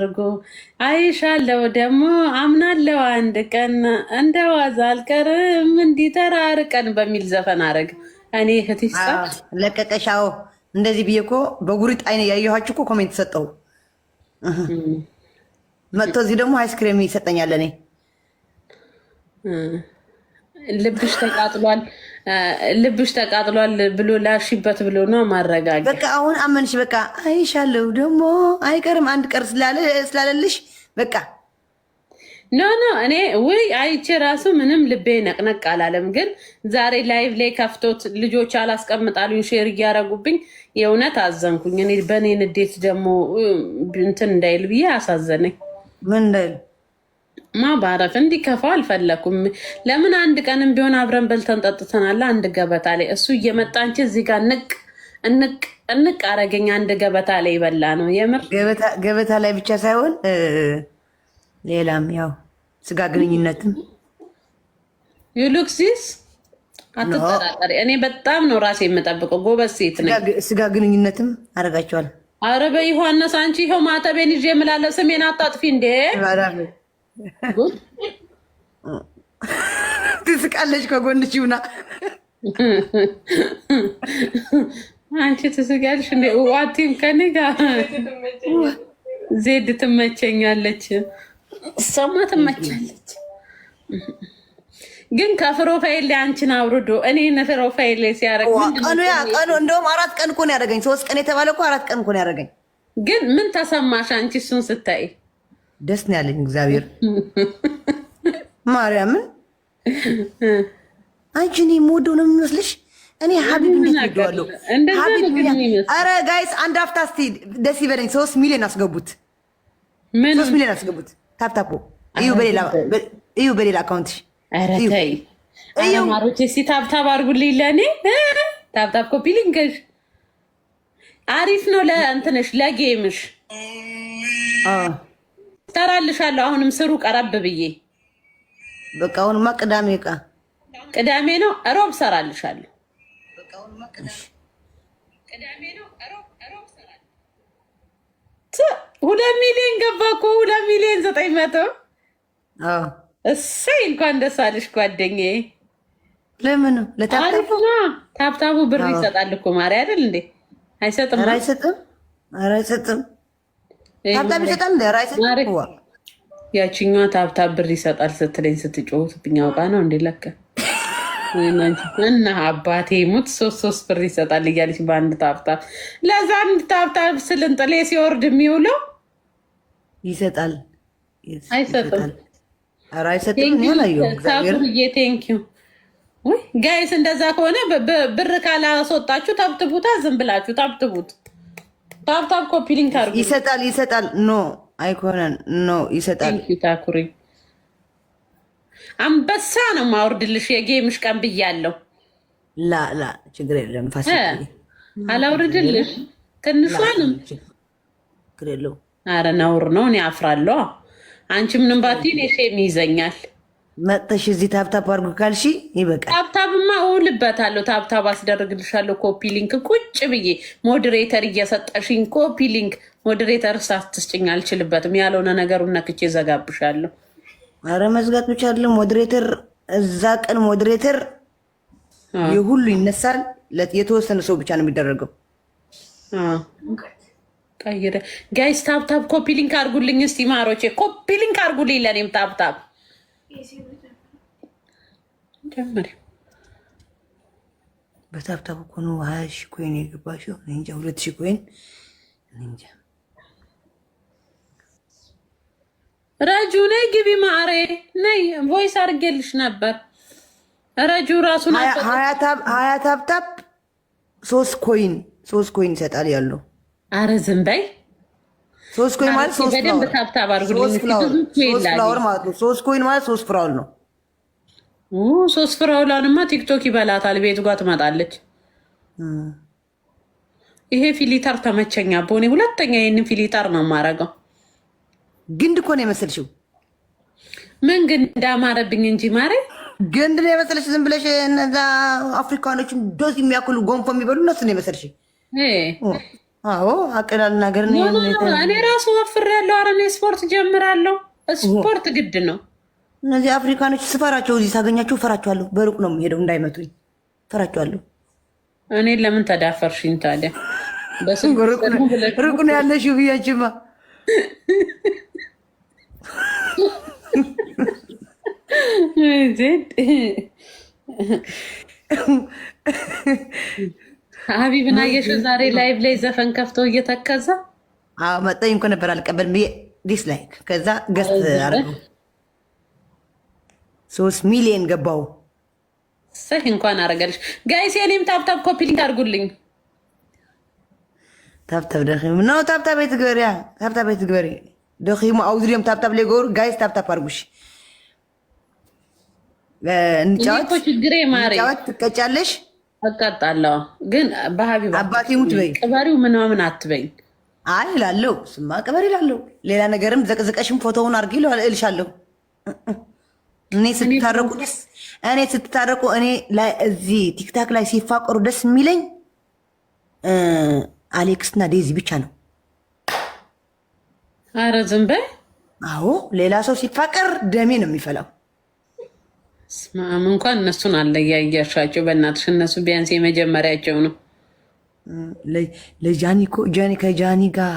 አድርጉ። አይሻለው ደግሞ አምናለው አንድ ቀን እንደ ዋዛ አልቀርም እንዲተራርቀን በሚል ዘፈን አረግ እኔ ህቲሳ ለቀቀሻው እንደዚህ ብዬ እኮ በጉሪጥ አይነ ያየኋችሁ እኮ ኮሜንት ሰጠው መጥቶ እዚህ ደግሞ አይስክሬም ይሰጠኛል። እኔ ልብሽ ተቃጥሏል። ልብሽ ተቃጥሏል ብሎ ላሽበት ብሎ ነው ማረጋገጥ። በቃ አሁን አመንሽ። በቃ አይሻለው ደግሞ አይቀርም አንድ ቀር ስላለልሽ በቃ ኖ ኖ እኔ ውይ አይቼ ራሱ ምንም ልቤ ነቅነቅ አላለም። ግን ዛሬ ላይቭ ላይ ከፍቶት ልጆች አላስቀምጣሉኝ ሼር እያረጉብኝ የእውነት አዘንኩኝ። እኔ በእኔ ንዴት ደግሞ እንትን እንዳይል ብዬ አሳዘነኝ። ምን እንዳይል ማባረፍ እንዲከፋው አልፈለኩም። ለምን አንድ ቀንም ቢሆን አብረን በልተን ጠጥተናል። አንድ ገበታ ላይ እሱ እየመጣ አንቺ እዚህ ጋር ንቅ እንቅ እንቅ አረገኝ። አንድ ገበታ ላይ ይበላ ነው የምር ገበታ ላይ ብቻ ሳይሆን ሌላም ያው ስጋ ግንኙነትም ዩሉክሲስ አትጠራጠሪ። እኔ በጣም ነው ራሴ የምጠብቀው ጎበዝ ሴት ነኝ። ስጋ ግንኙነትም አረጋቸዋል። አረ በዮሐንስ አንቺ ይኸው ማተቤን ይዤ የምላለው ስሜን አታጥፊ እንዴ ትስቃለች። ከጎንሽ ይሁና አንቺ ትስጋለሽ እንዴ? ዋቲም ከኔ ጋር ዜድ ትመቸኛለች፣ ሰማ ትመቻለች። ግን ከፕሮፋይል ላይ አንቺን አውርዶ እኔ ፕሮፋይል ላይ ሲያደርግ ቀኑ እንደውም አራት ቀን እኮ ነው ያደረገኝ። ሶስት ቀን የተባለ እኮ አራት ቀን እኮ ነው ያደረገኝ። ግን ምን ተሰማሽ አንቺ እሱን ስታይ? ደስ ነው ያለኝ። እግዚአብሔር ማርያምን አንቺ እኔ የምወደው ነው የሚመስልሽ? እኔ ሀቢብ እንዴት ወደዋለሁ? ኧረ ጋይስ አንድ አፍታ እስኪ ደስ ይበለኝ። ሶስት ሚሊዮን አስገቡት፣ ሶስት ሚሊዮን አስገቡት። ታፕታፖ እዩ፣ በሌላ አካውንት ማሮች እስኪ ታብታብ አድርጉልኝ ለእኔ ታብታብ ኮፒ ልንገሽ። አሪፍ ነው ለእንትንሽ ለጌምሽ እጠራልሻለሁ። አሁንም ስሩ ቀረብ ብዬ በቃ አሁንማ ቅዳሜ ዕቃ ቅዳሜ ነው፣ እሮብ ሰራልሻለሁ። ሁለት ሚሊዮን ገባ እኮ ሁለት ሚሊዮን ዘጠኝ መቶ እሰይ! እንኳን ደስ አለሽ ጓደኛዬ። ለምን ታብታቡ ብር ይሰጣል እኮ ማሪ አይደል እንዴ? አይሰጥም፣ አይሰጥም፣ አይሰጥም ታብታብ ይሰጣል ራይስ ያችኛዋ ታብታብ ብር ይሰጣል ስትለኝ ስትጮት ብኛውቃ ነው እንዴ? ለከ እና አባቴ ሙት ሶስት ሶስት ብር ይሰጣል እያለች በአንድ ታብታብ ለዛ አንድ ታብታብ ስልንጥሌ ሲወርድ የሚውለው ይሰጣል አይሰጥም። ራይሰጥሳብዬ ቴንኪዩ ጋይስ። እንደዛ ከሆነ ብር ካላስወጣችሁ ታብትቡታ፣ ዝም ብላችሁ ታብትቡት። ታብታብ ኮፒ ሊንክ አድርጉ። ይሰጣል ይሰጣል። ኖ አይኮነን ኖ ይሰጣል። ታኩሪ አንበሳ ነው ማውርድልሽ። የጌምሽ ቀን ብያለሁ። ላላ ችግር የለም ፋሲ አላውርድልሽ። ትንሿንም ችግር የለው። አረ ነውር ነው። እኔ አፍራለሁ። አንቺ ምንም ባትይ እኔ ሼም ይዘኛል። መጥተሽ እዚህ ታብታብ አድርጉ ካልሺ ይበቃል። ታብታብማ እውልበታለሁ። ታብታብ አስደርግልሻለሁ። ኮፒ ሊንክ ቁጭ ብዬ ሞዴሬተር እየሰጠሽኝ ኮፒ ሊንክ ሞዴሬተር ሳትስጭኝ አልችልበትም። ያለሆነ ነገሩን ነክቼ ዘጋብሻለሁ። አረ መዝጋት ብቻ አይደለም ሞዴሬተር እዛ ቀን ሞዴሬተር የሁሉ ይነሳል። የተወሰነ ሰው ብቻ ነው የሚደረገው። ቀይረ ጋይስ ታብታብ ኮፒ ሊንክ አድርጉልኝ እስቲ ማሮቼ፣ ኮፒ ሊንክ አድርጉልኝ ለእኔም ታብታብ ጀመሪያ በታብታብ እኮ ነው ሀያ ሺህ ኮይን የገባሽው። እኔ እንጃ ሁለት ሺህ ኮይን እኔ እንጃ። ረጁ ነይ ግቢ ማሬ ነይ። ቮይስ አድርጌልሽ ነበር። ረጁ ራሱን ሀያ ታብታብ ሶስት ኮይን ሶስት ኮይን ይሰጣል ያለው። አረ ዝም በይ ሶስት ኮይን ማለት ሶስት ፍላወር ማለት ነው። ሶስት ኮይን ማለት ሶስት ፍራውል ነው። ሶስት ፍራውላንማ ቲክቶክ ይበላታል። ቤት ጓ ትመጣለች። ይሄ ፊሊተር ተመቸኛ በሆኔ ሁለተኛ ይህንን ፊሊተር ነው የማረገው። ግንድ እኮ ነው የመሰልሽው። ምን ግን እንዳማረብኝ እንጂ ማሬ ግንድ ነው የመሰልሽ። ዝም ብለሽ እነዛ አፍሪካኖችም ዶዝ የሚያክሉ ጎንፎ የሚበሉ እነሱ ነው የመሰልሽ። አዎ አቅላል ነገር እኔ ራሱ ወፍር ያለው አረኔ ስፖርት ጀምራለሁ። ስፖርት ግድ ነው። እነዚህ አፍሪካኖች ስፈራቸው፣ እዚህ ሳገኛቸው ፈራቸዋለሁ። በሩቅ ነው የምሄደው እንዳይመቱኝ ፈራቸዋለሁ። እኔ ለምን ተዳፈርሽኝ ታዲያ? ሩቅ ነው ያለሽው ብያችማ ዜ ሀቢብ ና የሱ ዛሬ ላይቭ ላይ ዘፈን ከፍቶ እየተከዘ መጠኝ እኮ ነበር አልቀበል ዲስ ላይክ ከዛ ገስት አርገው ሶስት ሚሊየን ገባው። ሰህ እንኳን አረገልሽ ጋይስ። የኔም ታብታብ ኮፒሊንግ አርጉልኝ ታብታብ ደኺሙ ነው። ታብታብ ትግበሪያ ታብታብ ትግበሪ ደኺሙ አብዚ ድዮም ታብታብ ለይገብሩ ጋይስ። ታብታብ አድርጉሽ። እንጫወት፣ ትቀጫለሽ አቃጣለሁ ግን በሀቢብ አባቴ ሙት በይ ቅበሪው ምናምን አትበኝ። አይ እላለሁ፣ ስማ ቅበሪ እላለሁ። ሌላ ነገርም ዘቅዘቀሽም ፎቶውን አድርጊ እልሻለሁ። እኔ ስትታረቁ ደስ እኔ ስትታረቁ እኔ ላይ እዚህ ቲክታክ ላይ ሲፋቀሩ ደስ የሚለኝ አሌክስና ዴዚ ብቻ ነው። አረ ዝም በይ። አዎ ሌላ ሰው ሲፋቀር ደሜ ነው የሚፈላው። ስማም እንኳን እነሱን አለያያሻቸው በእናትሽ። እነሱ ቢያንስ የመጀመሪያቸው ነው። ለጃኒ ጃኒ ከጃኒ ጋር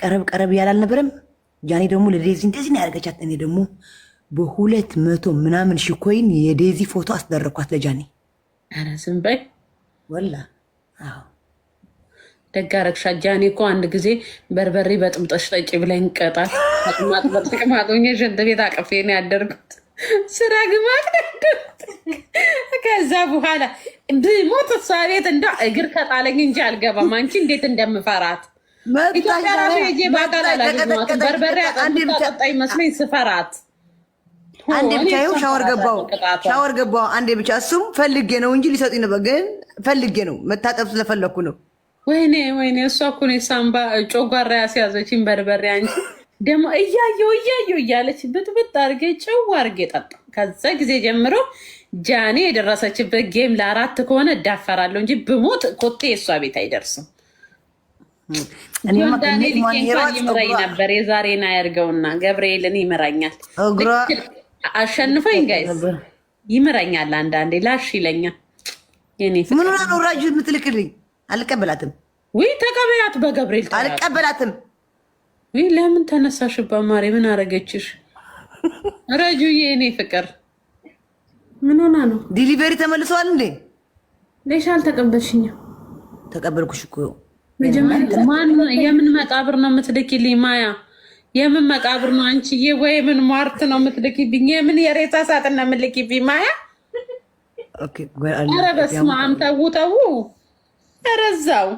ቀረብ ቀረብ እያለ አልነበረም? ጃኒ ደግሞ ለዴዚ እንደዚህ ነው ያደረገቻት። እኔ ደግሞ በሁለት መቶ ምናምን ሽኮይን የዴዚ ፎቶ አስደረግኳት ለጃኒ። ኧረ ዝም በይ ወላ ደግ አረግሻ። ጃኒ እኮ አንድ ጊዜ በርበሬ በጥምጠሽ ጠጪ ብላኝ ቀጣት። ጥማጥ በጥቅማጦኛ ሽንት ቤት አቅፌ ነው ያደርጉት ስራ ግባት። ከዛ በኋላ ብሞት እሷ ቤት እንደ እግር ከጣለኝ እንጂ አልገባም። አንቺ እንዴት እንደምፈራት ኢትዮጵያ ራሱ የጄ ባቃል አላገኘኋት። በርበሬ ጠጣ ይመስለኝ ስፈራት። አንዴ ብቻ ይኸው ሻወር ገባው ሻወር ገባሁ አንዴ ብቻ። እሱም ፈልጌ ነው እንጂ ሊሰጡኝ ነበር፣ ግን ፈልጌ ነው መታጠብ ስለፈለግኩ ነው። ወይኔ ወይኔ፣ እሷ እኮ ነው የሳምባ ጮጓራ ያስያዘችኝ በርበሬ አንቺ ደግሞ እያየው እያየው እያለች ብጥብጥ አርጌ ጭው አርጌ ጠጣ። ከዛ ጊዜ ጀምሮ ጃኔ የደረሰችበት ጌም ለአራት ከሆነ እዳፈራለሁ እንጂ ብሞት ኮቴ የእሷ ቤት አይደርስም። ዳኔ ሊኬንኳን ይምራኝ ነበር። የዛሬን አያርገውና ገብርኤልን ይምራኛል። አሸንፈኝ ጋይዝ ይምረኛል። አንዳንዴ ላሽ ይለኛል። ምኑና ነው ራጅ የምትልክልኝ? አልቀበላትም። ውይ ተቀበያት፣ በገብርኤል አልቀበላትም። ይህ ለምን ተነሳሽባ ማሬ ምን አረገችሽ? ረጁዬ እኔ ፍቅር ምን ሆና ነው? ዲሊቨሪ ተመልሰዋል እንዴ? ሌሽ አልተቀበልሽኝም። ተቀበልኩሽ እኮ የምን መቃብር ነው የምትልኪልኝ? ማያ የምን መቃብር ነው አንቺዬ? ወይ ምን ሟርት ነው የምትልኪብኝ? የምን የሬሳ ሳጥን ነው የምትልኪብኝ? ማያ ኧረ በስመ አብ ተው ተው፣ ኧረ እዛው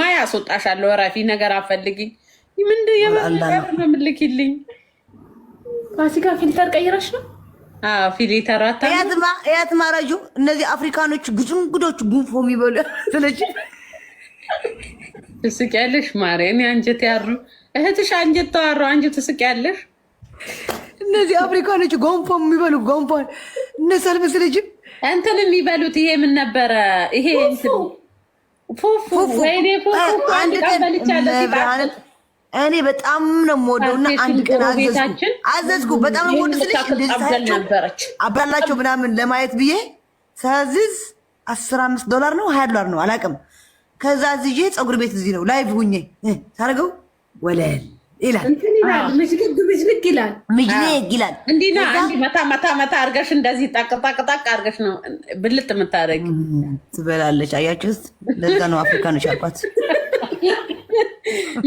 ማያ አስወጣሻለሁ። ወራፊ ነገር አፈልግኝ? ምንድን የምልክልኝ ፋሲካ ፊልተር ቀይረሽ ነው? ፊልተር አታያት ማራጁ እነዚህ አፍሪካኖች ጉጭንጉዶች ጉንፎ የሚበሉ ስለች ትስቂያለሽ። ማርያም አንጀት ያሩ እህትሽ አንጀት ተዋሩ አንጅ ትስቂያለሽ። እነዚህ አፍሪካኖች ጎንፎ የሚበሉ ጎንፎ እነሳል መስለጅም እንትን የሚበሉት ይሄ ምን ነበረ? ይሄ ፉፉ ወይኔ ፉፉ አንድ ቀን በልቻለሁ እኔ በጣም ነው የምወደውና አንድ ቀን አዘዝኩ አዘዝኩ በጣም ነው የምወደው ስልሽ ምናምን ለማየት ብዬ ሳዝዝ አስራ አምስት ዶላር ነው ሀያ ዶላር ነው አላውቅም። ከዛ ዝዬ ፀጉር ቤት እዚህ ነው ላይቭ ሁኜ ሳደርገው ወለል ይላል ይላል መታ መታ መታ አርገሽ እንደዚህ አርገሽ ነው ብልጥ ትበላለች። ለዛ ነው አፍሪካኖች አልኳት።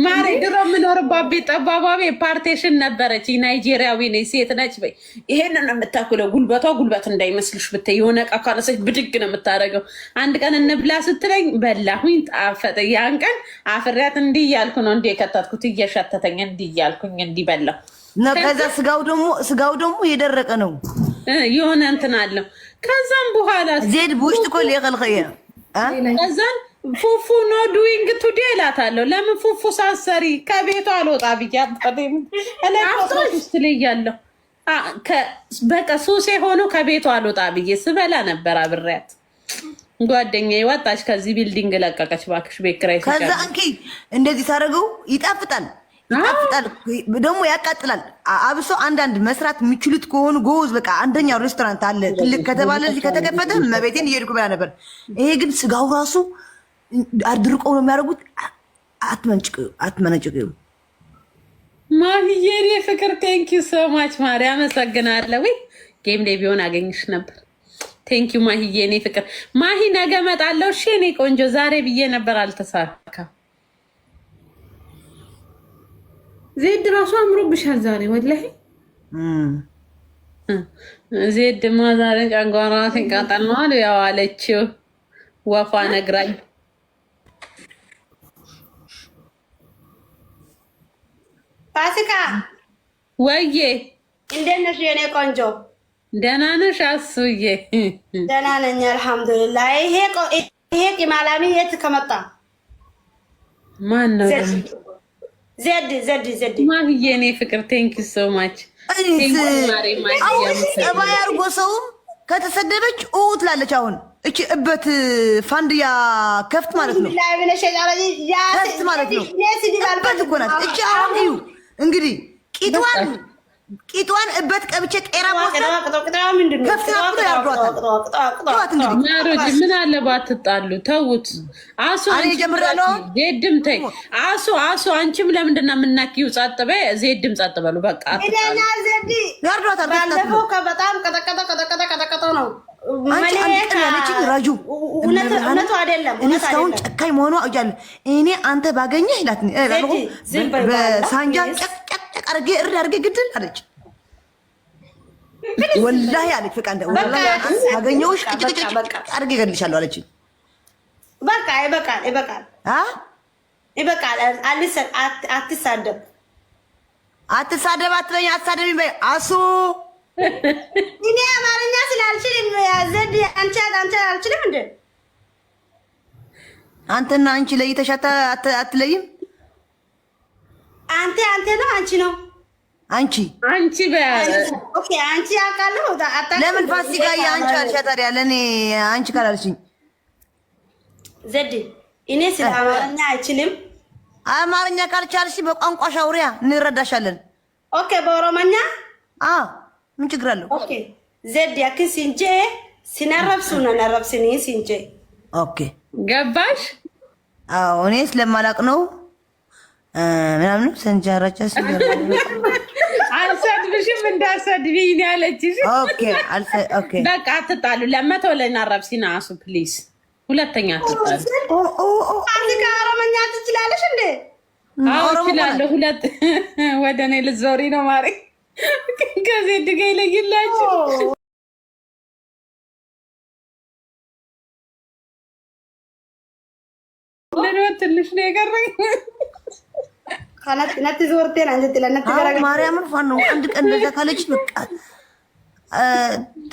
ማሬ ድሮ የምኖርባት ቤት ጠባቧ ቤት ፓርቴሽን ነበረች። ናይጄሪያዊ ነች፣ ሴት ነች። በይ ይሄን ነው የምታክለው። ጉልበቷ ጉልበት እንዳይመስልሽ ብታይ የሆነ ዕቃ ካነሰች ብድግ ነው የምታደርገው። አንድ ቀን እንብላ ስትለኝ በላሁኝ፣ ጣፈጠ። ያን ቀን አፍሪያት እንዲህ እያልኩ ነው እንዲህ የከታትኩት እየሸተተኝ፣ እንዲህ እያልኩኝ እንዲህ በላሁ። ከዛ ስጋው ደግሞ ስጋው ደግሞ የደረቀ ነው የሆነ እንትን አለው። ከዛም በኋላ ዜድ ብውሽጥ ኮል የኸልኸየ ከዛን ፉፉ ኖ ዱዊንግ ቱዴ እላታለሁ። ለምን ፉፉ ሳሰሪ ከቤቷ አልወጣ ብያለሁ። በቃ ሱሴ ሆኖ ከቤቷ አልወጣ ብዬ ስበላ ነበር አብሬያት። ጓደኛ ወጣች ከዚህ ቢልዲንግ ለቀቀች። እባክሽ ቤት ኪራይ ከዛ እንኪ እንደዚህ ታደርገው ይጣፍጣል፣ ይጣፍጣል ደግሞ ያቃጥላል። አብሶ አንዳንድ መስራት የሚችሉት ከሆኑ ጎዝ በቃ አንደኛው ሬስቶራንት አለ ትልቅ ከተባለ ከተከፈተ መቤቴን እየሄድኩ ብላ ነበር። ይሄ ግን ስጋው ራሱ አድርቆ ነው የሚያደርጉት። አትመነጭቅዩ ማህዬኔ ፍቅር ቴንኪዩ ሶማች ማሪ አመሰግናለሁ። ጌም ላይ ቢሆን አገኝሽ ነበር። ቴንኪዩ ማህዬኔ ፍቅር ማሂ፣ ነገ መጣለው። እሺ የኔ ቆንጆ፣ ዛሬ ብዬ ነበር አልተሳካ። ዜድ ራሱ አምሮብሻል ዛሬ ወላሂ ዜድማ ዛሬ ጨጓራዋ ትንቃጠል ነው አሉ ያዋለችው ወፏ ነግራኝ ፋሲካ ወዬ እንደት ነሽ የኔ ቆንጆ? ደህና ነሽ አሱዬ? ደህና ነኝ አልሐምዱሊላህ። ይሄ ቂማላሚ የት ከመጣ ማን ነው? ዘድ ዘድ ዘድ ማህዬ እኔ ፍቅር ቴንክ ዩ ሶ ማች አሁን ጠባይ አድርጎ ሰውም ከተሰደበች እው ትላለች። አሁን እቺ እበት ፋንድያ ከፍት ማለት ነው ከፍት ማለት ነው እበት እኮ ናት እቺ አሁን እዩ እንግዲህ ቂጧን ቂጧን እበት ቀብቼ ጤራ ማሮጅ ምን አለ ባትጣሉ፣ ተዉት። አሱ ዜድም ተይ አሱ አሱ አንቺም ለምንድን የምናኪው? ጸጥ በይ ዜድም ጸጥ በሉ በቃ። ባለፈው በጣም ቀጠቀጠ ቀጠቀጠ ቀጠቀጠ ነው ያለችኝ ራጁ እኔ እስካሁን ጨካኝ መሆኗ አውቃለሁ። እኔ አንተ ባገኘህ ይላት በሳንጃ ጨቅጨቅ አድርጌ እርድ አድርጌ ግድል አለች። ወላሂ አለች በቃ ባገኘሁሽ ጭቅጭቅ አድርጌ እገልሻለሁ አለችኝ። በቃ ይበቃል፣ ይበቃል፣ ይበቃል። አትሳደብ፣ አትሳደብ አትበይኝ፣ አትሳደብ አሱ እኔ አማርኛ ስላልችልም ዘድ አንቺ አንቺ አልችልም እንዴ? አንተና አንቺ ለይተሽ አትለይም። አንተ አንተ ነው፣ አንቺ ነው አንቺ አንቺ ኦኬ፣ አንቺ አውቃለሁ። ለምን ፋሲካ የአንቺ አልሻ ታዲያ? ለእኔ አንቺ ካላልሽኝ ዘድ እኔ ስለ አማርኛ አይችልም። አማርኛ ካልቻልሽ በቋንቋ ሻውሪያ እንረዳሻለን። ኦኬ፣ በኦሮሞኛ አዎ ምን ችግር አለው? ኦኬ ያክ ሲንጄ ሲናረብሱ ነረብስኒ ሲንጄ ኦኬ ገባሽ? አዎ እኔ ስለማላቅ ነው ምናምን ሰንጃራቻ አልሰድብሽም እንዳሰድብኝ ያለችሽ። በቃ አትጣሉ። ለመቶ ለናረብ ሲና ፕሊዝ፣ ሁለተኛ አትጣሉ። ትችላለሽ እንዴ? አዎ እችላለሁ። ሁለት ወደ እኔ ልትዞሪ ነው ከዜድ ጋ ይለይላችሁ። ትንሽ ነው የቀረኝ። ማርያምን ፋን ነው አንድ ቀን እንደዛ ካለች በቃ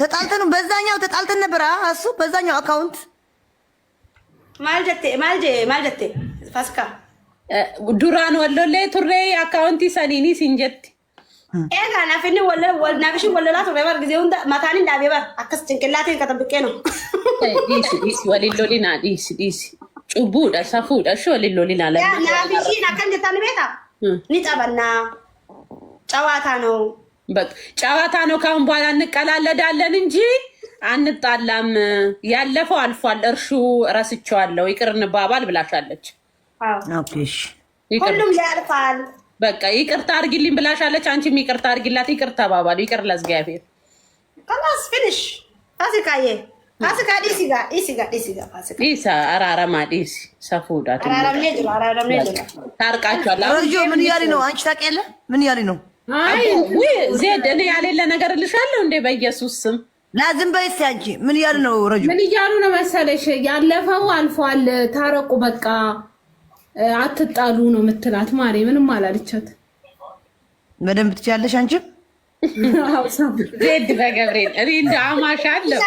ተጣልተን በዛኛው ተጣልተን ነበር። እሱ በዛኛው አካውንት ማልጀቴ ማልጀ ማልጀቴ ፋስካ ዱራን ወሎሌ ቱሬ አካውንት ሰኒኒ ሲንጀት ኤጋናፍኒ ናብሽ ወለላት በር ማታኒ ዳቤበር አከስ ጭንቅላቴን ከጠብቄ ነው ቤታ ኒጠበና ጨዋታ ነው ጨዋታ ነው። ካሁን በኋላ እንቀላለዳለን እንጂ አንጣላም። ያለፈው አልፏል። እርሹ ይቅር እንባባል ብላሻለች። ሁሉም ያልፋል። በቃ ይቅርታ አርጊልኝ ብላሻለች። አንቺም ይቅርታ አርጊላት። ይቅር ተባባሉ። ይቅር ለእግዚአብሔር ከላስ ፊኒሽ አራራማ ነው? አንቺ ምን ነው? ያሌለ ነገር ልሻለሁ እንዴ በኢየሱስ ስም ላዝም ምን ነው? ረጁ ምን እያሉ ነው መሰለሽ? ያለፈው አልፏል። ታረቁ በቃ አትጣሉ ነው የምትላት። ማሬ ምንም አላለቻት። በደንብ ትችያለሽ አንቺ ዜድ በገብሬን እኔ እንደ አማሽ አለው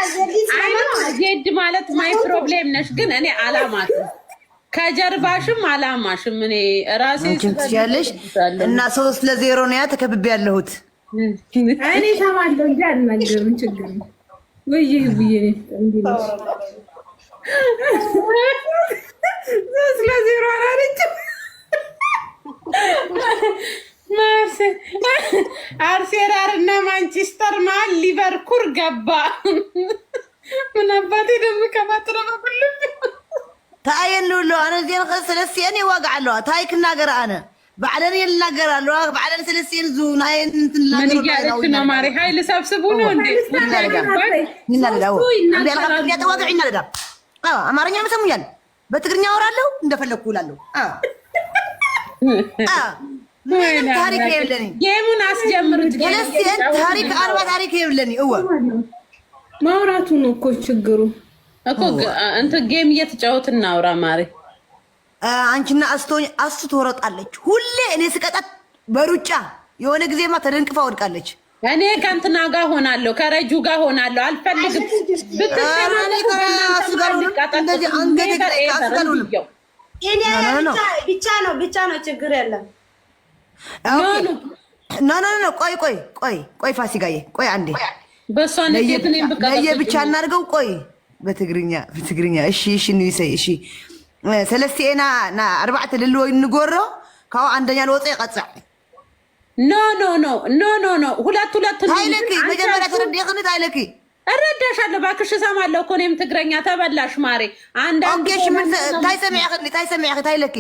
ዜድ ማለት ማይ ፕሮብሌም ነሽ፣ ግን እኔ አላማሽም ከጀርባሽም አላማሽም። እኔ ራሴ ትችያለሽ እና ሶስት ለዜሮ ነው ያ ተከብቤ ያለሁት እኔ እሰማለሁ እንጂ አልናገርም። ችግር ወይ ብዬ ሶስት ለዜሮ አርሴናል እና ማንቸስተር መሀል ሊቨርፑል ገባ። ምን አባቴ ደም ከማጥረ በኩልም ታየን ሉሎ አነ ዜን ስለስየን ይዋጋዕ ኣለዋ ክናገር ኣነ ባዕለን እየ ልናገር ኣለዋ ባዕለን ስለስየን ዙ ናየን ምን ሰብስቡ አማርኛ መሰሙኛል በትግርኛ ወራለሁ እንደፈለግኩ ውላለሁ ታሪክ የለኝ። ጌሙን አስጀምሩት። ታሪክ ታሪክ እወ ማውራቱ ነው እኮ ችግሩ እኮ እንትን ጌም እየተጫወት እናውራ። ማሪ አንቺና አስቶኝ አስቱ ትወረጣለች ሁሌ እኔ ስቀጣት በሩጫ የሆነ ጊዜማ ተደንቅፋ ወድቃለች። እኔ ከእንትና ጋር ሆናለሁ፣ ከረጁ ጋር ሆናለሁ። አልፈልግም ብቻ ነው ብቻ ነው ችግር የለም። ና ና ና ቆይ ቆይ ቆይ ቆይ ፋሲካዬ ቆይ አንዴ ለየብቻ እናድርገው። ቆይ በትግርኛ ብትግርኛ እሺ እሺ ንይሰይ እሺ ሰለስተ ና አርባዕተ ልልወይ ንጎሮ ካብኡ አንደኛ ልወፀ ይቐፅዕ ኖ ኖ ኖ ኖ ኖ ኖ ሁለት ሁለት ታይለኪ መጀመሪያ ተረዲኽኒ ታይለኪ እረዳሻለሁ እባክሽ እሰማለሁ እኮ እኔም ትግረኛ ተበላሽ ማሬ አንዳንድ ታይ ሰሚዕኽኒ ታይ ሰሚዕኺ ታይለኪ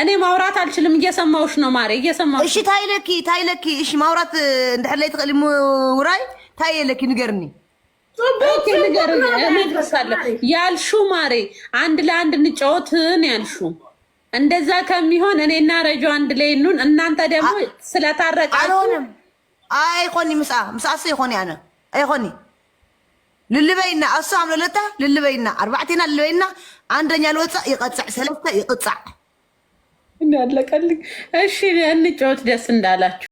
እኔ ማውራት አልችልም። እየሰማውሽ ነው ማሬ፣ እየሰማው እሺ። ታይ ለኪ ታይ ለኪ እሺ ማውራት እንድሕለይ ትኽእል ውራይ ለኪ ንገርኒ ኦኬ፣ ንገርኒ ያልሹ ማሬ፣ አንድ ለአንድ እንጫወትን ያልሹ። እንደዛ ከሚሆን እኔና ረጆ አንድ ላይ ኑን። እናንተ ደግሞ ስለታረቃችሁ አልሆንም። አይኮኒ ምሳ ምስኣ ሶ ይኮኒ ኣነ ኣይኮኒ ልልበይና እሱ ኣምለለታ ልልበይና ኣርባዕተና ልልበይና አንደኛ ልወፃእ ይቐፅዕ ሰለስተ ይቕፃዕ እንዳለቀልኝ። እሺ እንጫወት፣ ደስ እንዳላችሁ